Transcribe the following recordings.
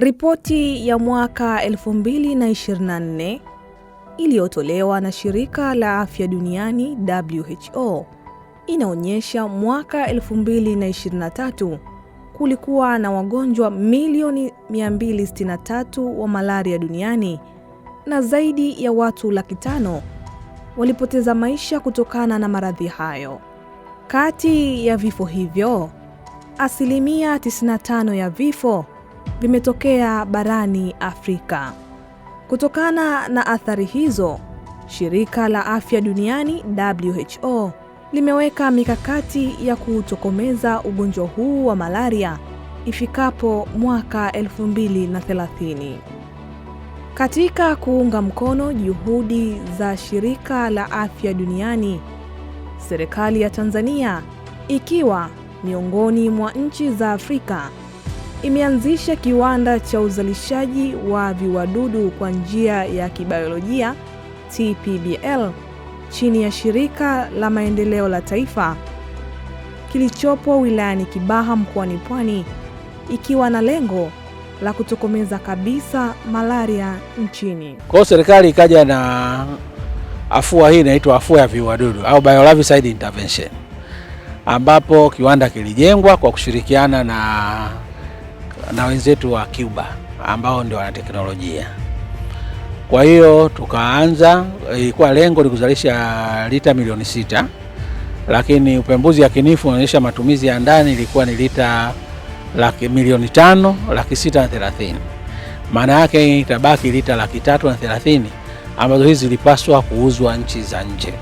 Ripoti ya mwaka 2024 iliyotolewa na Shirika la Afya Duniani WHO inaonyesha mwaka 2023 kulikuwa na wagonjwa milioni 263 wa malaria duniani na zaidi ya watu laki tano walipoteza maisha kutokana na maradhi hayo. Kati ya vifo hivyo, asilimia 95 ya vifo vimetokea barani Afrika. Kutokana na athari hizo, shirika la afya duniani WHO limeweka mikakati ya kuutokomeza ugonjwa huu wa malaria ifikapo mwaka 2030. Katika kuunga mkono juhudi za shirika la afya duniani, serikali ya Tanzania ikiwa miongoni mwa nchi za Afrika imeanzisha kiwanda cha uzalishaji wa viwadudu kwa njia ya kibiolojia TPBL chini ya shirika la maendeleo la taifa kilichopo wilayani Kibaha mkoani Pwani, ikiwa na lengo la kutokomeza kabisa malaria nchini. Kwa hiyo serikali ikaja na afua hii inaitwa afua ya viwadudu au bioloviside intervention, ambapo kiwanda kilijengwa kwa kushirikiana na na wenzetu wa Cuba ambao ndio wana teknolojia. Kwa hiyo tukaanza, ilikuwa lengo ni kuzalisha lita milioni sita, lakini upembuzi yakinifu unaonyesha matumizi ya ndani ilikuwa ni lita laki, milioni tano laki sita na thelathini. Maana yake itabaki lita laki tatu na thelathini ambazo hizi zilipaswa kuuzwa nchi za nje.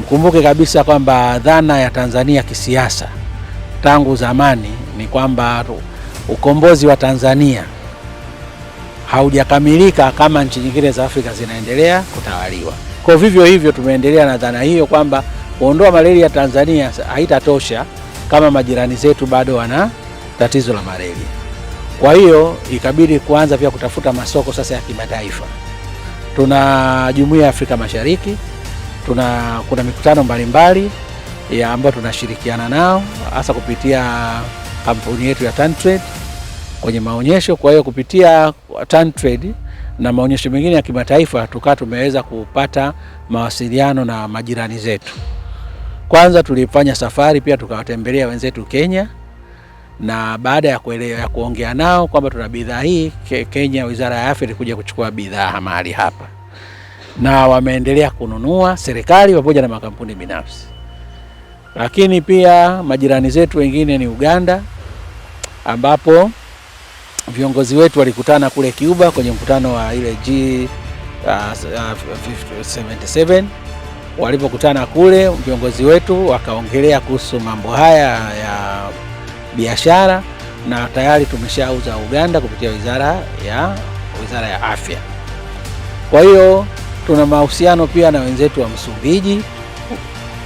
Mkumbuke kabisa kwamba dhana ya Tanzania kisiasa tangu zamani ni kwamba ukombozi wa Tanzania haujakamilika kama nchi nyingine za Afrika zinaendelea kutawaliwa. Kwa vivyo hivyo, tumeendelea na dhana hiyo kwamba kuondoa malaria Tanzania haitatosha kama majirani zetu bado wana tatizo la malaria. Kwa hiyo ikabidi kuanza pia kutafuta masoko sasa ya kimataifa. Tuna jumuiya ya Afrika Mashariki, tuna kuna mikutano mbalimbali ya ambayo tunashirikiana nao hasa kupitia kampuni yetu ya TanTrade kwenye maonyesho. Kwa hiyo kupitia TanTrade na maonyesho mengine ya kimataifa tukaa tumeweza kupata mawasiliano na majirani zetu. Kwanza tulifanya safari pia tukawatembelea wenzetu Kenya, na baada ya kuelewa ya kuongea nao kwamba tuna bidhaa hii Kenya, Wizara ya Afya ilikuja kuchukua bidhaa mahali hapa na wameendelea kununua, serikali pamoja na makampuni binafsi. Lakini pia majirani zetu wengine ni Uganda ambapo viongozi wetu walikutana kule Cuba kwenye mkutano wa ile G 77 uh, walipokutana kule viongozi wetu wakaongelea kuhusu mambo haya ya biashara, na tayari tumeshauza Uganda kupitia wizara ya wizara ya afya. Kwa hiyo tuna mahusiano pia na wenzetu wa Msumbiji,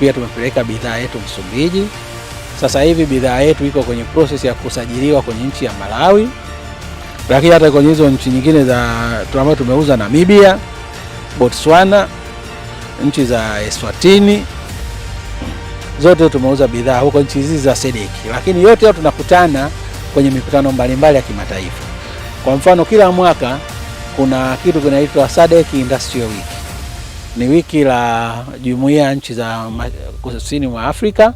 pia tumepeleka bidhaa yetu Msumbiji. Sasa hivi bidhaa yetu iko kwenye process ya kusajiliwa kwenye nchi ya Malawi, lakini hata kwenye hizo nchi nyingine za ambayo tumeuza, Namibia, Botswana, nchi za Eswatini, zote tumeuza bidhaa huko nchi hizi za SADC, lakini yote hayo tunakutana kwenye mikutano mbalimbali ya kimataifa. Kwa mfano, kila mwaka kuna kitu kinaitwa SADC Industrial Week, ni wiki la jumuiya nchi za kusini mwa Afrika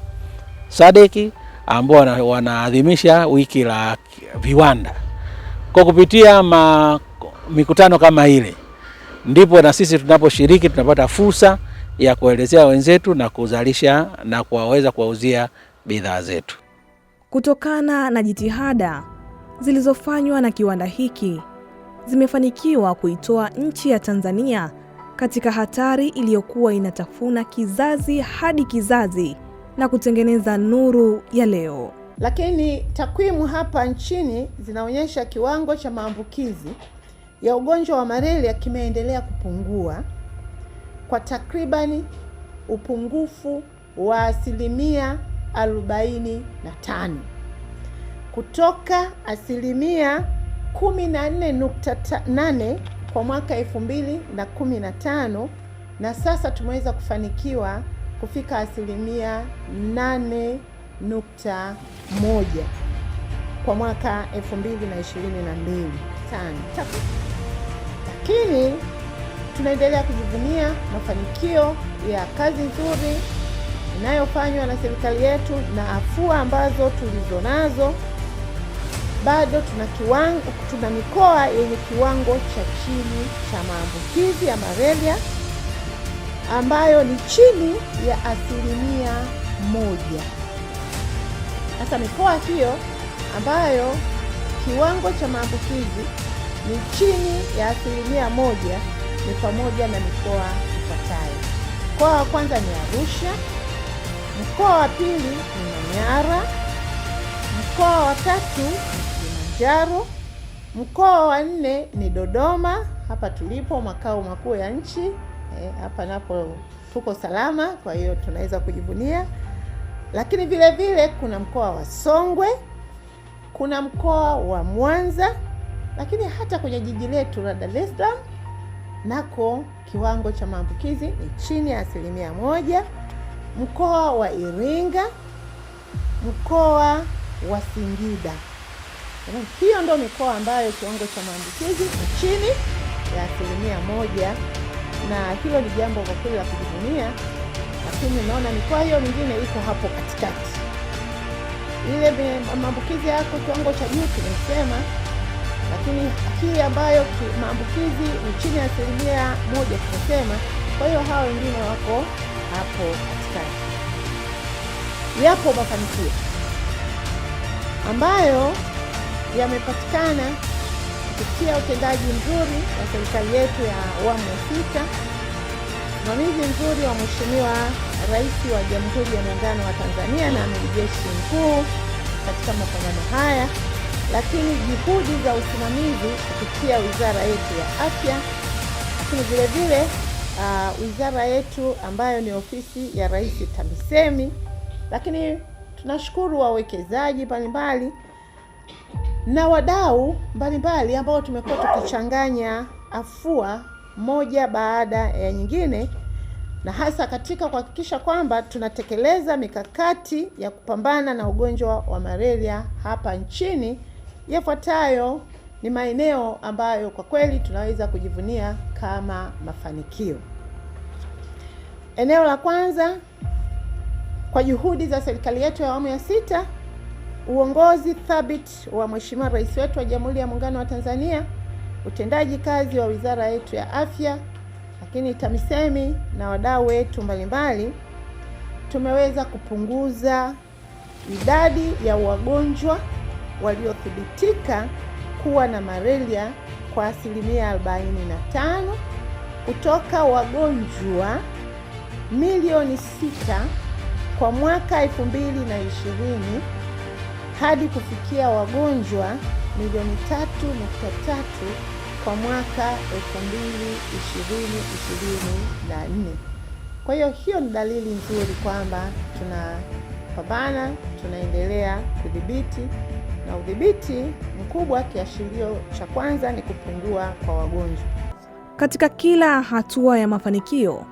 Sadeki ambao wanaadhimisha wiki la viwanda. Kwa kupitia ma, mikutano kama ile ndipo na sisi tunaposhiriki tunapata fursa ya kuelezea wenzetu na kuzalisha na kuwaweza kuwauzia bidhaa zetu. Kutokana na jitihada zilizofanywa na kiwanda hiki zimefanikiwa kuitoa nchi ya Tanzania katika hatari iliyokuwa inatafuna kizazi hadi kizazi na kutengeneza nuru ya leo. Lakini takwimu hapa nchini zinaonyesha kiwango cha maambukizi ya ugonjwa wa malaria kimeendelea kupungua kwa takribani upungufu wa asilimia 45 kutoka asilimia 14.8 kwa mwaka 2015 na sasa tumeweza kufanikiwa kufika asilimia 8.1 kwa mwaka 2022 tano. Lakini tunaendelea kujivunia mafanikio ya kazi nzuri inayofanywa na serikali yetu na afua ambazo tulizo nazo Bado tuna kiwango, tuna mikoa yenye kiwango cha chini cha maambukizi ya malaria ambayo ni chini ya asilimia moja. Sasa mikoa hiyo ambayo kiwango cha maambukizi ni chini ya asilimia moja ni pamoja na mikoa ifuatayo: mkoa wa kwanza ni Arusha, mkoa wa pili ni Manyara, mkoa wa tatu ni Kilimanjaro, mkoa wa nne ni Dodoma, hapa tulipo makao makuu ya nchi. Eh, hapa e, napo tuko salama, kwa hiyo tunaweza kujivunia. Lakini vile vile kuna mkoa wa Songwe, kuna mkoa wa Mwanza, lakini hata kwenye jiji letu la Dar es Salaam nako kiwango cha maambukizi ni chini ya asilimia moja. Mkoa wa Iringa, mkoa wa Singida, hiyo ndio mikoa ambayo kiwango cha maambukizi ni chini ya asilimia moja na hilo ni jambo kwa kweli la kujivunia, lakini naona mikoa hiyo mingine iko hapo katikati. Ile maambukizi yako kiwango cha juu tumesema, lakini hii ambayo maambukizi ni chini ya asilimia moja tumesema. Kwa hiyo hawa wengine wako hapo katikati. Yapo mafanikio ambayo yamepatikana kupitia utendaji mzuri wa serikali yetu ya awamu ya sita, usimamizi mzuri wa Mheshimiwa Rais wa Jamhuri ya Muungano wa Tanzania na Amiri Jeshi Mkuu katika mapambano haya, lakini juhudi za usimamizi kupitia wizara yetu ya afya, lakini vilevile uh, wizara yetu ambayo ni ofisi ya Rais TAMISEMI, lakini tunashukuru wawekezaji mbalimbali na wadau mbalimbali ambao tumekuwa tukichanganya afua moja baada ya nyingine, na hasa katika kuhakikisha kwamba tunatekeleza mikakati ya kupambana na ugonjwa wa malaria hapa nchini. Yafuatayo ni maeneo ambayo kwa kweli tunaweza kujivunia kama mafanikio. Eneo la kwanza, kwa juhudi za serikali yetu ya awamu ya sita uongozi thabiti wa Mheshimiwa Rais wetu wa Jamhuri ya Muungano wa Tanzania, utendaji kazi wa wizara yetu ya afya, lakini TAMISEMI na wadau wetu mbalimbali, tumeweza kupunguza idadi ya wagonjwa waliothibitika kuwa na malaria kwa asilimia 45 kutoka wagonjwa milioni 6 kwa mwaka 2020 hadi kufikia wagonjwa milioni tatu nukta tatu kwa mwaka 2020/2024. Kwa hiyo hiyo ni dalili nzuri kwamba tunapambana, tunaendelea kudhibiti, na udhibiti mkubwa, kiashirio cha kwanza ni kupungua kwa wagonjwa. Katika kila hatua ya mafanikio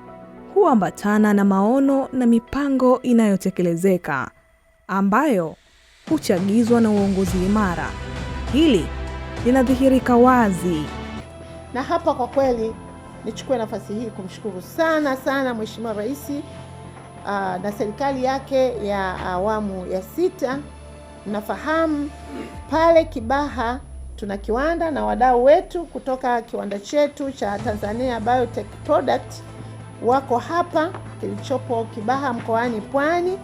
huambatana na maono na mipango inayotekelezeka ambayo huchagizwa na uongozi imara. Hili linadhihirika wazi, na hapa kwa kweli nichukue nafasi hii kumshukuru sana sana Mheshimiwa Rais uh, na serikali yake ya awamu ya sita. Mnafahamu pale Kibaha tuna kiwanda na wadau wetu kutoka kiwanda chetu cha Tanzania Biotech Product wako hapa kilichopo Kibaha mkoani Pwani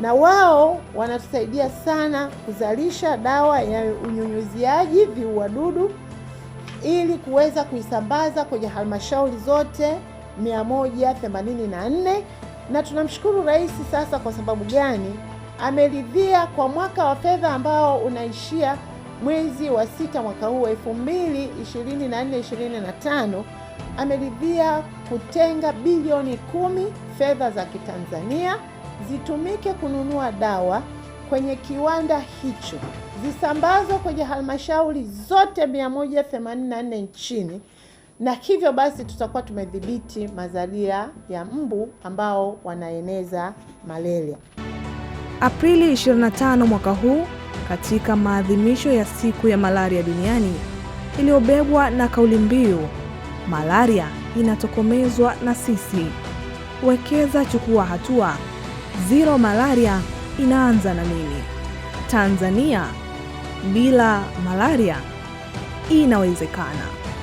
na wao wanatusaidia sana kuzalisha dawa ya unyunyuziaji viuadudu ili kuweza kuisambaza kwenye halmashauri zote 184 na tunamshukuru Rais sasa. Kwa sababu gani? Ameridhia kwa mwaka wa fedha ambao unaishia mwezi wa sita mwaka huu wa 2024 25, ameridhia kutenga bilioni kumi fedha za Kitanzania zitumike kununua dawa kwenye kiwanda hicho, zisambazwe kwenye halmashauri zote 184 nchini, na hivyo basi tutakuwa tumedhibiti mazalia ya mbu ambao wanaeneza malaria. Aprili 25 mwaka huu katika maadhimisho ya siku ya malaria duniani iliyobebwa na kauli mbiu malaria inatokomezwa na sisi, wekeza, chukua hatua. Zero malaria inaanza na mimi. Tanzania bila malaria inawezekana.